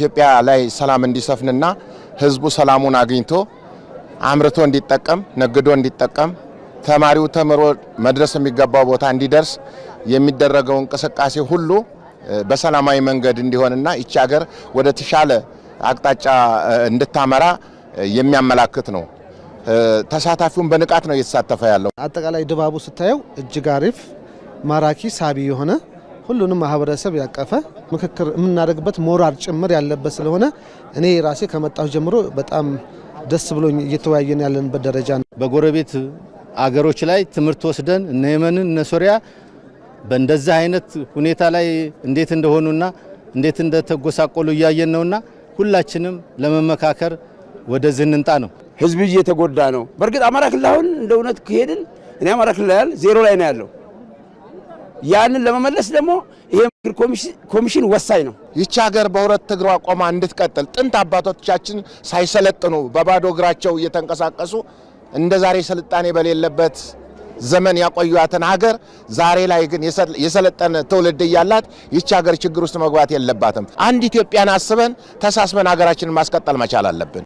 ኢትዮጵያ ላይ ሰላም እንዲሰፍንና ህዝቡ ሰላሙን አግኝቶ አምርቶ እንዲጠቀም፣ ነግዶ እንዲጠቀም፣ ተማሪው ተምሮ መድረስ የሚገባው ቦታ እንዲደርስ የሚደረገው እንቅስቃሴ ሁሉ በሰላማዊ መንገድ እንዲሆንና ይቺ ሀገር ወደ ተሻለ አቅጣጫ እንድታመራ የሚያመላክት ነው። ተሳታፊውን በንቃት ነው እየተሳተፈ ያለው። አጠቃላይ ድባቡ ስታየው እጅግ አሪፍ፣ ማራኪ፣ ሳቢ የሆነ ሁሉንም ማህበረሰብ ያቀፈ ምክክር የምናደርግበት ሞራል ጭምር ያለበት ስለሆነ እኔ ራሴ ከመጣሁ ጀምሮ በጣም ደስ ብሎኝ እየተወያየን ያለንበት ደረጃ ነው። በጎረቤት አገሮች ላይ ትምህርት ወስደን እነ የመንን እነ ሶሪያ በእንደዚህ አይነት ሁኔታ ላይ እንዴት እንደሆኑና እንዴት እንደተጎሳቆሉ እያየን ነውና ሁላችንም ለመመካከር ወደ ዝንንጣ ነው። ህዝብ እየተጎዳ ነው። በእርግጥ አማራ ክልል አሁን እንደ እውነት ከሄድን እኔ አማራ ክልል ዜሮ ላይ ነው ያለው ያንን ለመመለስ ደግሞ ይሄ ምክር ኮሚሽን ወሳኝ ነው። ይቺ ሀገር በሁለት እግሯ ቆማ እንድትቀጥል ጥንት አባቶቻችን ሳይሰለጥኑ በባዶ እግራቸው እየተንቀሳቀሱ እንደ ዛሬ ስልጣኔ በሌለበት ዘመን ያቆዩትን ሀገር ዛሬ ላይ ግን የሰለጠነ ትውልድ እያላት ይቺ ሀገር ችግር ውስጥ መግባት የለባትም። አንድ ኢትዮጵያን አስበን ተሳስበን ሀገራችንን ማስቀጠል መቻል አለብን።